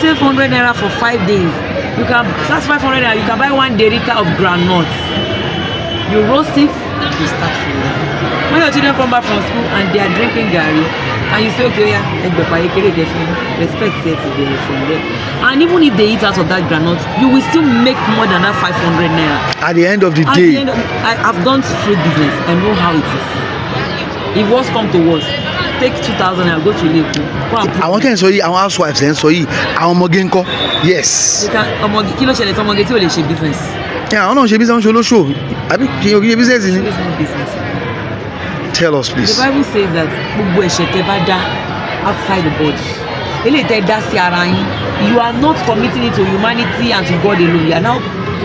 save hundred naira for five days you can that's five hundred naira you can buy one derica of groundnut you roast it you start feeling when your children come back from school and they are drinking garri and you say okay oya egbepa ekere gefi respect there to dey from there and even if they eat out of that groundnut you will still make more than that five hundred naira. at the end of the at day the of i have done street business i know how it is if worse come to worst take two thousand naira go to ilé epo. àwọn tẹ̀ ń sọ yìí àwọn housewives ẹ̀ ń sọ yìí àwọn ọmọge ń kọ́ yes. ọmọge kí ló ṣẹlẹ̀ tí ọmọge tí ò lè ṣe business. àwọn náà ṣe business ṣe olóṣò àbí kì í ṣe business ni. tell us please. the bible says that gbogbo ẹ̀ṣẹ̀ tẹ bá dá outside the body eléyìí tẹ dá sí ara yín you are not committing it to humanity and to God alone you are now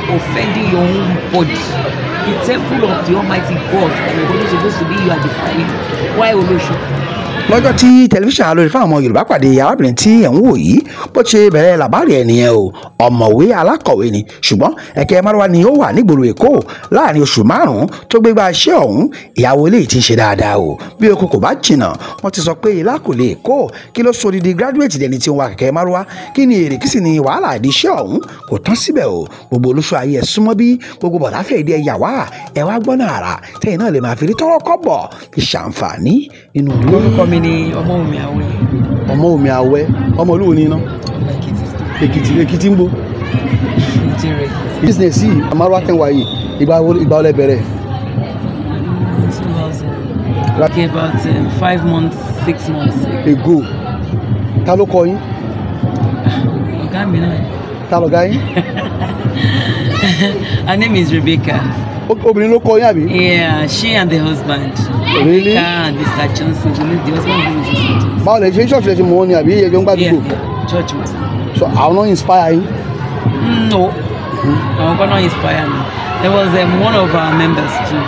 offending your own body the temple of the almighty god and your body suppose to be you are defiling why Olusha? lọ́jọ́ tí tẹlifíṣàn alóore fún àwọn yorùbá pàdé arábìnrin tí ẹ̀ ń wò yìí bó ṣe bẹ̀rẹ̀ làbárì ẹ̀ nìyẹn o ọ̀mọ̀wé alákọ̀wé ni ṣùgbọ́n ẹ̀kẹ́ márùwá ni ó wà nígboro èkó láàrin oṣù márùn-ún tó gbégbá iṣẹ́ ọ̀hún ìyàwó eléyìí ti ń ṣe dáadáa o bí oko kò bá jìnnà wọ́n ti sọ pé ilá kò kí ló so didi graduate dẹni tí ń wa kẹ̀kẹ́ márùwá kí ni èrè kí sì ni wàhálà àdí iṣẹ́ ọ̀hún kò tán síbẹ̀ o gbogbo olóṣù ayé ẹ̀ súnmọ́ bí gbogbo bọ̀dáfẹ́ ìdí ẹ̀yà wá ẹ̀ wá gbọ́nà àrà tẹ́yìn náà lè máa fi rí tọ́rọ́kọ́ bọ̀ fi ṣàǹfààní nínú lórúkọ mi ni ọmọ omi àwẹ. ọmọ omi àwẹ ọmọ olúwo ni iná. èkìtì èkìtì ń bo. èkìtì rẹ. business yìí amáró àtẹ̀wá yìí ìgbà ìgbà ọlẹ bẹ̀rẹ̀. two thousand. okay about um, five months six months. ago ta ló kọ yín. ọ̀gá mi náà. ta lọ̀gá yín. her name is Rebecca obìnrin ló kọ yín àbí. yeah she and the husband. really Rebecca and Mr. Johnson the husband is Mr. Johnson. báwo lè ṣe church lè ṣe mọ̀ wọn ni àbí iye jọ ń gbàdúgbò. yeah church was. so àwọn náà inspire yín. Mm, no àwọn kan náà inspire me there was um, one of our members too.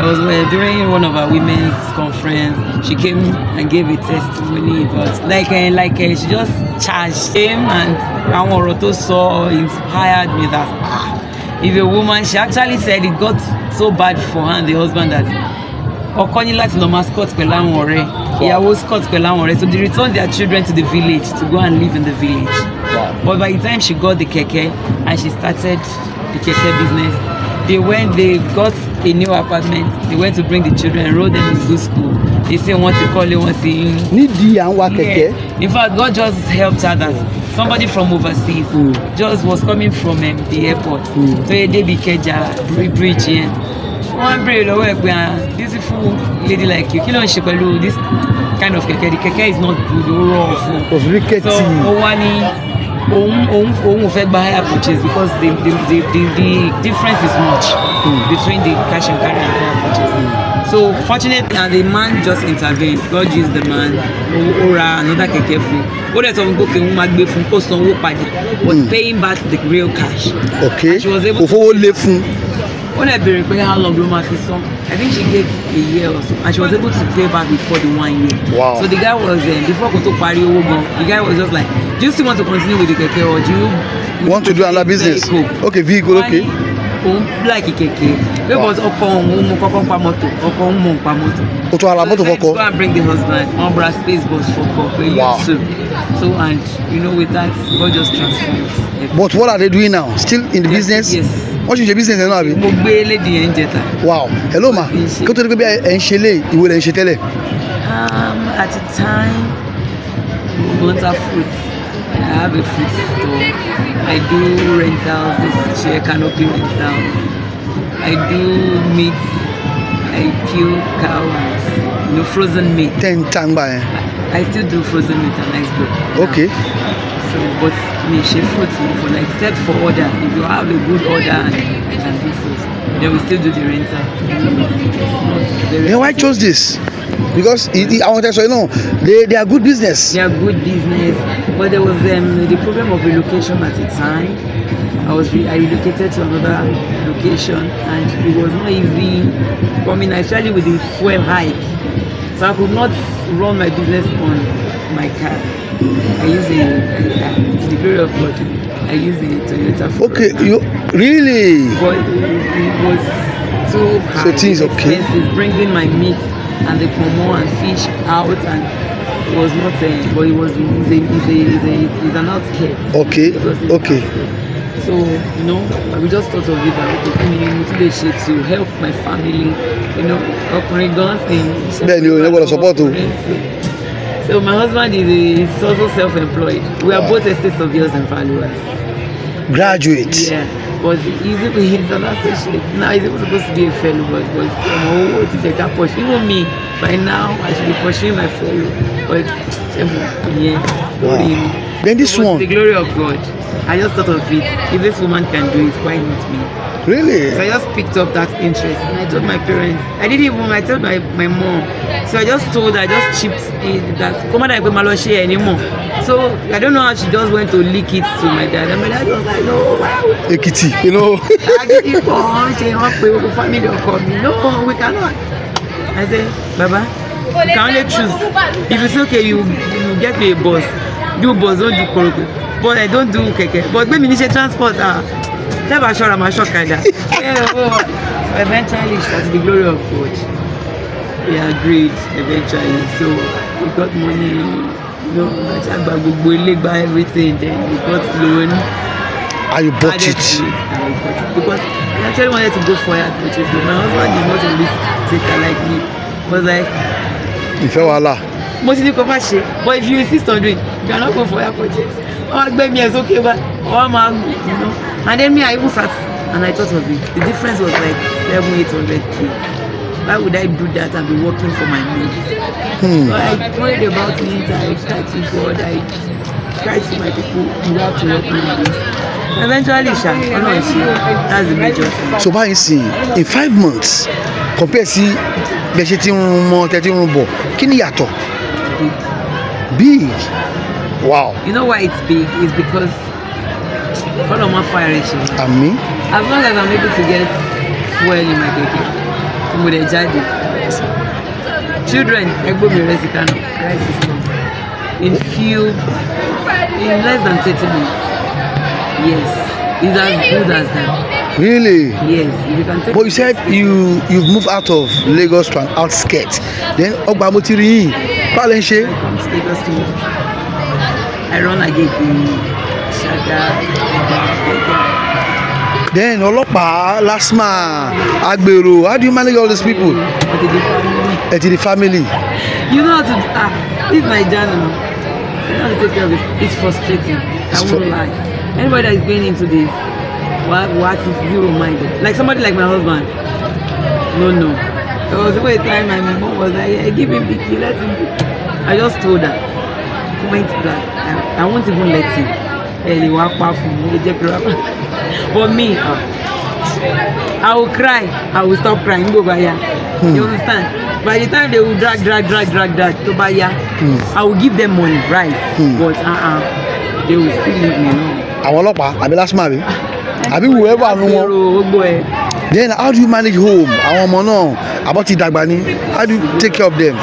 I was uh, during one of our women's conference. She came and gave a testimony, but like uh, like uh, she just charged him and àwọn ọ̀rọ̀ tó sọ inspired me that ah if a woman she actually said it got so bad for her and the husband that ọkọ ní láti lọ máa scot pẹ̀lú àwọn ọ̀rẹ́ ìyàwó scot pẹ̀lú àwọn ọ̀rẹ́ so they returned their children to the village to go and live in the village wow. but by the time she got the keke and she started the keke business they went they got a new apartment they went to bring the children enroll them in good school they say wọ́n ti you, wọ́n ti. nídìí à ń wa kẹ̀kẹ́. in fact God just helped her that. Yeah somebody from overseas mm. just was coming from um, the airport tó yẹ débi Ìkẹjà bridge yẹn wọ́n béèrè lọ́wọ́ ẹ̀ pé ah beautiful lady like you kí ló ń ṣe pẹ̀lú this kind of kẹ̀kẹ́ the kẹ̀kẹ́ is not good ó rọ̀ fún so ó wá ní òun òun òun fẹ́ gba higher purchase because the the the the, the difference is much mm. between the cash and carry and higher purchase. Mm so fortunately and the man just intervened God used the man ó ra another kẹ̀kẹ́ fún ó dẹ̀ sọ fún gòkè ń máa gbé fún kó sanwó padà was hmm. paying back the real cash. okay kò fowó lé fún when I been repairing how long Roma fit song I think she gave a year or so and she was able to pay back before the one year wow. so the guy was um, before koto pari owo gan the guy was just like do you still want to continue with the keke or do you want to do another business vehicle? okay vehicle okay. Money, òun bíláìkì kèké because ọkọ òun mú kọ́kọ́ pa mọ́tò ọkọ òun mú pa mọ́tò. o tún ara mọ́tò fọkọ. so go and bring the husband one bra space bus fọkọ for you wow. too so and you know with that God just transforms. but what are they doing now still in the yes, business. yes wọ́n ṣe ṣe business náà àbí. mo gbé lady yẹn jẹta. wow hello ma kí o tó di pé bí ẹ ń ṣe lé ìwé rẹ̀ ń ṣe tẹ́lẹ̀. Um, at the time we go enter fruit. I have a food store. I do rentals, this chair canopy rentals. I do meat. I kill cows. No frozen meat. Ten tangba. I, I still do frozen meat and ice bread. Okay. So, but me, she fruits for like, except for order. If you have a good order and, and they will still do the rental. then why choose this? Because it, it, I want to say no, they, they are good business. They are good business, but there was um, the problem of relocation at the time. I was re- I relocated to another location, and it was not easy for me, especially with the fuel hike. So I could not run my business on my car. I used a, a car to the glory of God. I used the Toyota. Corolla. Okay, you really? But it was too high. So things okay. Expensive, bringing my meat and the pomo and fish out and it was not uh, but it was it's a it's a it's a it's an outskirt. okay okay. so you know we just thought of it that we kí ni mo tún to help my family you know ọkùnrin things. Then you o ìyẹn gbọ́dọ̀ support o. so my husband is a eh, is also self-employed we are wow. both estate of yours and valuers graduate. Yeah but easy for him? on that she now easy was supposed to be a fellow but but ọmọ owó ti jẹ ká push even me by now I should be pushing my fellow but um, yeah. ìyẹn lórí then this one. the glory of God I just thought of it if this woman can do it why not me. Really? So I just picked up that interest and I told my parents. I didn't even, I told my, my mom. So I just told her, I just chipped in that come on, I go share anymore. So I don't know how she just went to leak it to my dad. And my dad was like, no, wow. Ekiti, you know. I didn't go on, she helped me, family called me. No, we cannot. I said, Baba, you can only choose. If it's okay, you, you get me a bus. Do bus, don't do koroku. But I don't do keke. But maybe you should transport her. Uh, ah tẹ́ bá ṣọ́ra máa ṣọ́kadà eventually that's the glory of God we agreed eventually so we got money No, know I gba gbogbo ilé gba everything then we got loan. and you bought it. it because I actually wanted to go for it which is my husband is not a risk taker like me was like. If you are ti ní kó má ṣe but if you insist on doing you cannot go for air purchase wọn gbẹmí ẹ okay, but all man you know and then me i even sat and i thought of it the difference was like seven eight hundred k why would i do that and be working for my money. hmm. so i worried about it i tried to god i cried to my people you have to help me with this eventually sha ọlọrun ṣe that's the major thing. so báyìí sìn in five months compare sí bẹ́ẹ̀ ṣe ti ń rún mọ́ tẹ́ ti rún bọ̀ kí ni yàtọ̀. big wow. you know why it's big it's because kọ́lọ̀ mọ́ fa ẹ̀rẹ̀ ṣe. àmín. as long as i'm able to get fuel in my keke tí to dẹ̀ it. children I go be sí crisis náà in few in less than thirty minutes yes it's as good as that. Really? Yes. You can take but you said you you've moved out of Lagos to an outskirt. Then ọgbà mo I run again then ọlọ́pàá lasma agbèrò how do you manage all these people. ẹ ti di family. you know how to ah this my journal you know how to take care of it it's frustrating it's i won't fr lie anybody that is going into this what what is zero minded like somebody like my husband no no there was a way time my mom was like yeah, give him big key let him go i just told her point blank i i won't even let him ẹ lè wá pa fún mi ẹ jẹ́ kí n but me uh, i will cry i will stop crying gbogbo ya. Hmm. you understand by the time they will drag drag drag drag drag tó bá ya. Hmm. i will give them money right hmm. but uh -uh, they will still leave me alone. àwọn ọlọ́pàá àbí lásìmọ̀ àbí àbí whoever àánú wọn oh, oh, then how do you manage home àwọn ọmọ náà àbọ̀ ti dàgbà ni how do you take care of them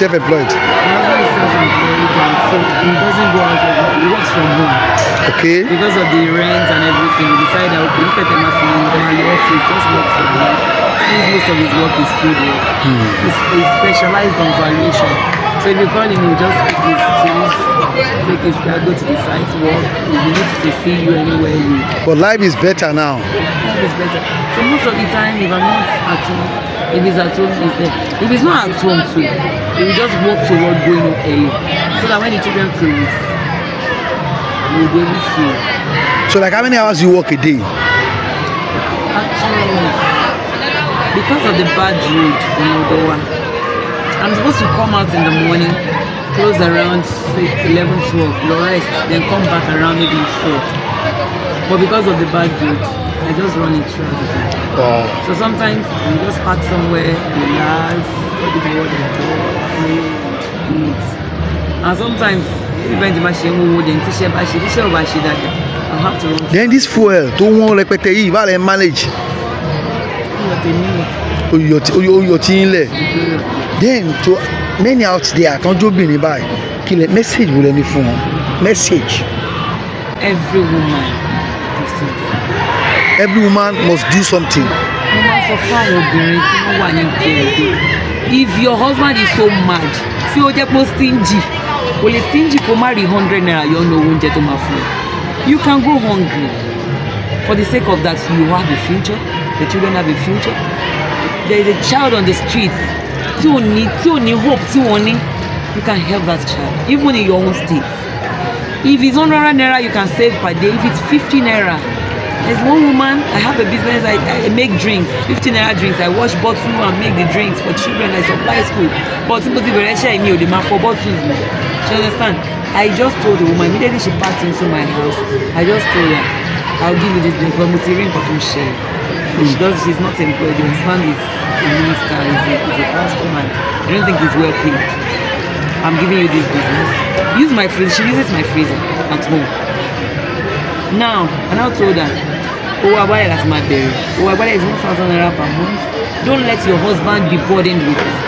self-employed. Mm -hmm doesn't very bad, so he doesn't go out. He works from home. Okay. Because of the rent and everything, he decided that okay, if I can afford one off, he just work from home. Since most of his work is food work, hmm. he's, he's specialized on valuation. So if you call him, he'll just take his tools, take his car, uh, go to the site, work. he needs to see you anywhere, you. But life is better now. Life is better. So most of the time, if I'm not at home, if he's at home, he's there. If he's not at home too we just work toward going home early so that when the children come, we go be free. so like how many hours you work a day. actually because of the bad road in odowa i'm supposed to come out in the morning close around say eleven twelve rest, then come back around maybe four but because of the bad road. I just run it throughout the time. Uh, so sometimes we just park somewhere, relax, look the world and go, pray, eat. And sometimes, even if I ṣe ń wo then tíṣẹ́ bá ṣe tíṣẹ́ ò bá ṣe I have to run. Then this fuel tó wọ́n rẹpẹtẹ yìí, bá rẹ̀ manage. Iyọ̀ tèmi o. Oyọ̀ tí oyọ̀ tí ń Then to many out there àtọ́jọ́bìnrin báyìí, kí lẹ message wo lẹ ní fún wọn? Message. Every woman dey sing every woman must do something. if your husband is so mad tí ó jẹ́ pé ó stingy kò lè stingy kó má rí hundred naira yọ ọ́nà oúnjẹ tó máa fún ẹ you can go hungry for the sake of that you have a future the children have a future there is a child on the street tí ò ní tí ò ní hope tí wọ́n ní you can help that child even in your own state if it's hundred naira you can save per day if it's fifty naira there's one woman i have a business i, I make drinks 15 naira drinks i wash bottles and make the drinks for children i supply school but mo ti bẹ̀rẹ̀ ṣe èmi ò dey for bottles she understand i just told the woman immediately she passed into my house i just told her i'll give you this drink but mo she hmm. does she's not employed the man is a minister He's a is a pastor man i don't think he's well paid i'm giving you this business use my freezer she uses my freezer at home now i now told her owó agbálẹ̀ láti máa bẹ̀rẹ̀ owó agbálẹ̀ is one thousand naira per month don't let your husband be burdened with it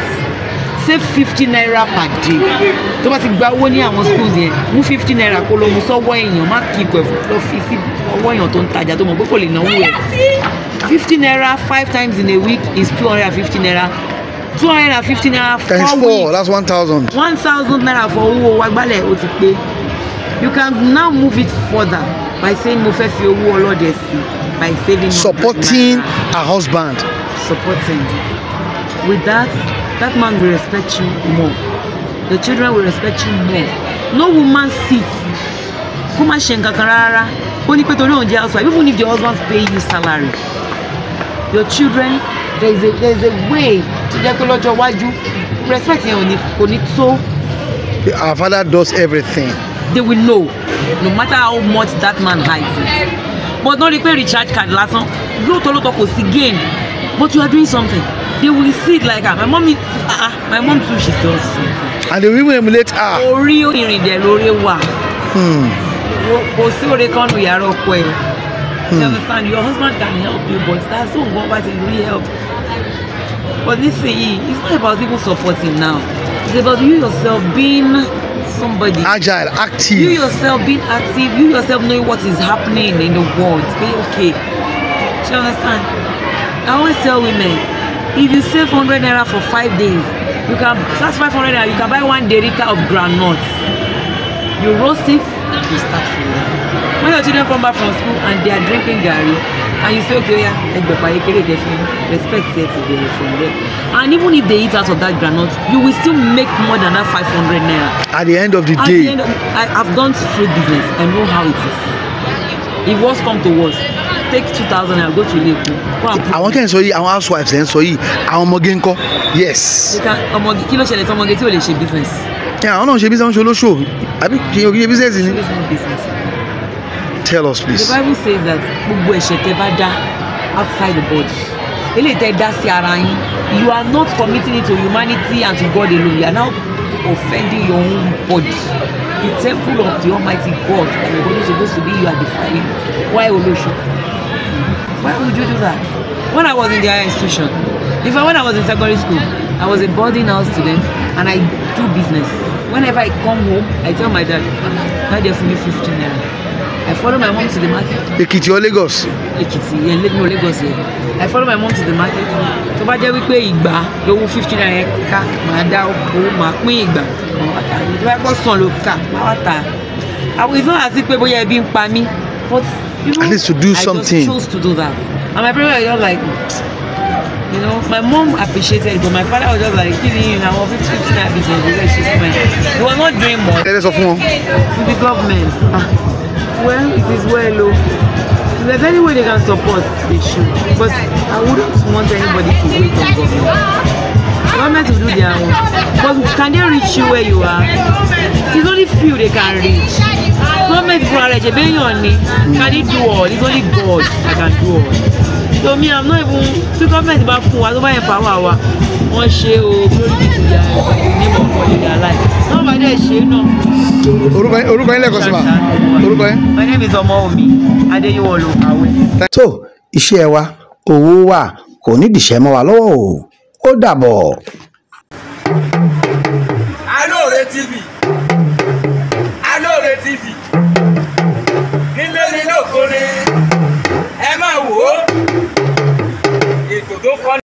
save fifty naira per day tó bá ti gba owó ní àwọn schools yẹn mú fifty naira kó lọ mú sọ́wọ́ èèyàn má kí ipò ẹ̀fọ́ lọ fi sí ọwọ́ èèyàn tó ń tajà tó mọ̀ pé kò lè náwó ẹ̀ fifty naira five times in a week is two hundred and fifty naira two hundred and fifty naira four weeks times four that's one thousand one thousand naira for owó agbálẹ̀ ó ti pé you can now move it further by saying mo fẹ́ fi owó ọlọ́dẹ sí by saving. supporting her husband. supporting with that that man will respect you more the children will respect you more no woman sit kó má ṣe nǹkan kan rárá ó ní pé torí òun jẹ́ housewife even if your husband pay you salary your children there is a there is a way to jẹ́ pé lọ́jọ́ iwájú respect yẹn ò ní kò ní tó. our father does everything they will know no matter how much that man hides. it but no rí recharge card lásán lóòótọ́ lóòótọ́ kò sí gain but you are doing something they will see it like that. Ah, my mom is ah, ah my mom too she does something. and the women emulate her. Ah. orí ìrìn dẹ̀ lórí wà. Hmm. kò sí òde kan lu yàrá ọkọ ẹ. you hmm. understand your husband can help you but that's all one person really help. but this nísìnyí it's not about people supporting now it's about you yourself being somebody. Agile, active. You yourself being active, you yourself knowing what is happening in the world. Be okay. Do you understand? I always tell women, if you save 100 naira for five days, you can, that's 500 naira, you can buy one derica of granuts. You roast it, you start feeling. When your children come back from school and they are drinking gari, and you say okay oya ẹgbẹ̀pà ekele jẹ fún respect there to be from there and even if they eat out of that groundnut you will still make more than that five hundred naira. at the end of the at day at the end of i have done food business i know how it is if worse come to worse take two thousand naira go to ilé epo go and put. àwọn kẹ́hìn sọ yìí àwọn housewives ẹ̀ ń sọ yìí àwọn ọmọge ń kọ́ yes. ọmọge kí ló ṣẹlẹ̀ sí ọmọge tí ò lè ṣe business. àwọn náà ṣe business ń ṣe olóṣò àbí kì í ṣe business ni. business business tell us please. the bible says that gbogbo ẹ̀ṣẹ̀ tẹ́ bá dá outside the body eléyìí tẹ́ dá sí ara yín you are not committing it to humanity and to God alone you are now offending your own body the temple of the almighty God and your body supposed to be you are defiling why olosho why would you do that when I was in the higher institution in fact when I was in secondary school I was a boarding house student and I do business whenever I come home I tell my dad my dad give me fifteen naira I follow my mom to the market. Ekiti or Lagos? Èkìtì Let me know Lagos yẹn. I follow my mom to the market. Tó bá jẹ́ wípé ìgbà lówó fifty naira ká màá dá owó màá pín ìgbà màá wá tà. Tó bá pọ̀ sàn ló kà màá wá tà. It's not as if pé bóyá ẹbí ń pa mí. But you know, At least to do I something. I just chose to do that. And my parents were just like, you know, my mom appreciated it, but my father was just like, kí ni àwọn fifty fifty naira business dey like she's fine. They were not doing much. Ẹ lè sọ fún wọn. To the government. Ah well it is well o oh. if there's any way they can support they should but i wouldn't want anybody to wait on government government to do their own but can they reach you where you are it's only few they can reach government fúnra rẹ̀ jẹ̀bẹ́yàn ni can he do all it's only God that can do all so me i'm not even tí government bá fún wa tó bá yẹn pàwọ́ àwa wọ́n ṣe o glory be to their name of God in their life náà bá dẹ̀ ṣe náà. orúkọ yín orúkọ yín lẹ́kọ̀ọ́ sí ma orúkọ yín. my name is Ọmọ́wùmí Adéyíwọ̀lù àwẹ̀. tó iṣẹ́ wa owó wà kò ní dìṣẹ́ mọ́ wa lọ́wọ́ o ó dàbọ̀.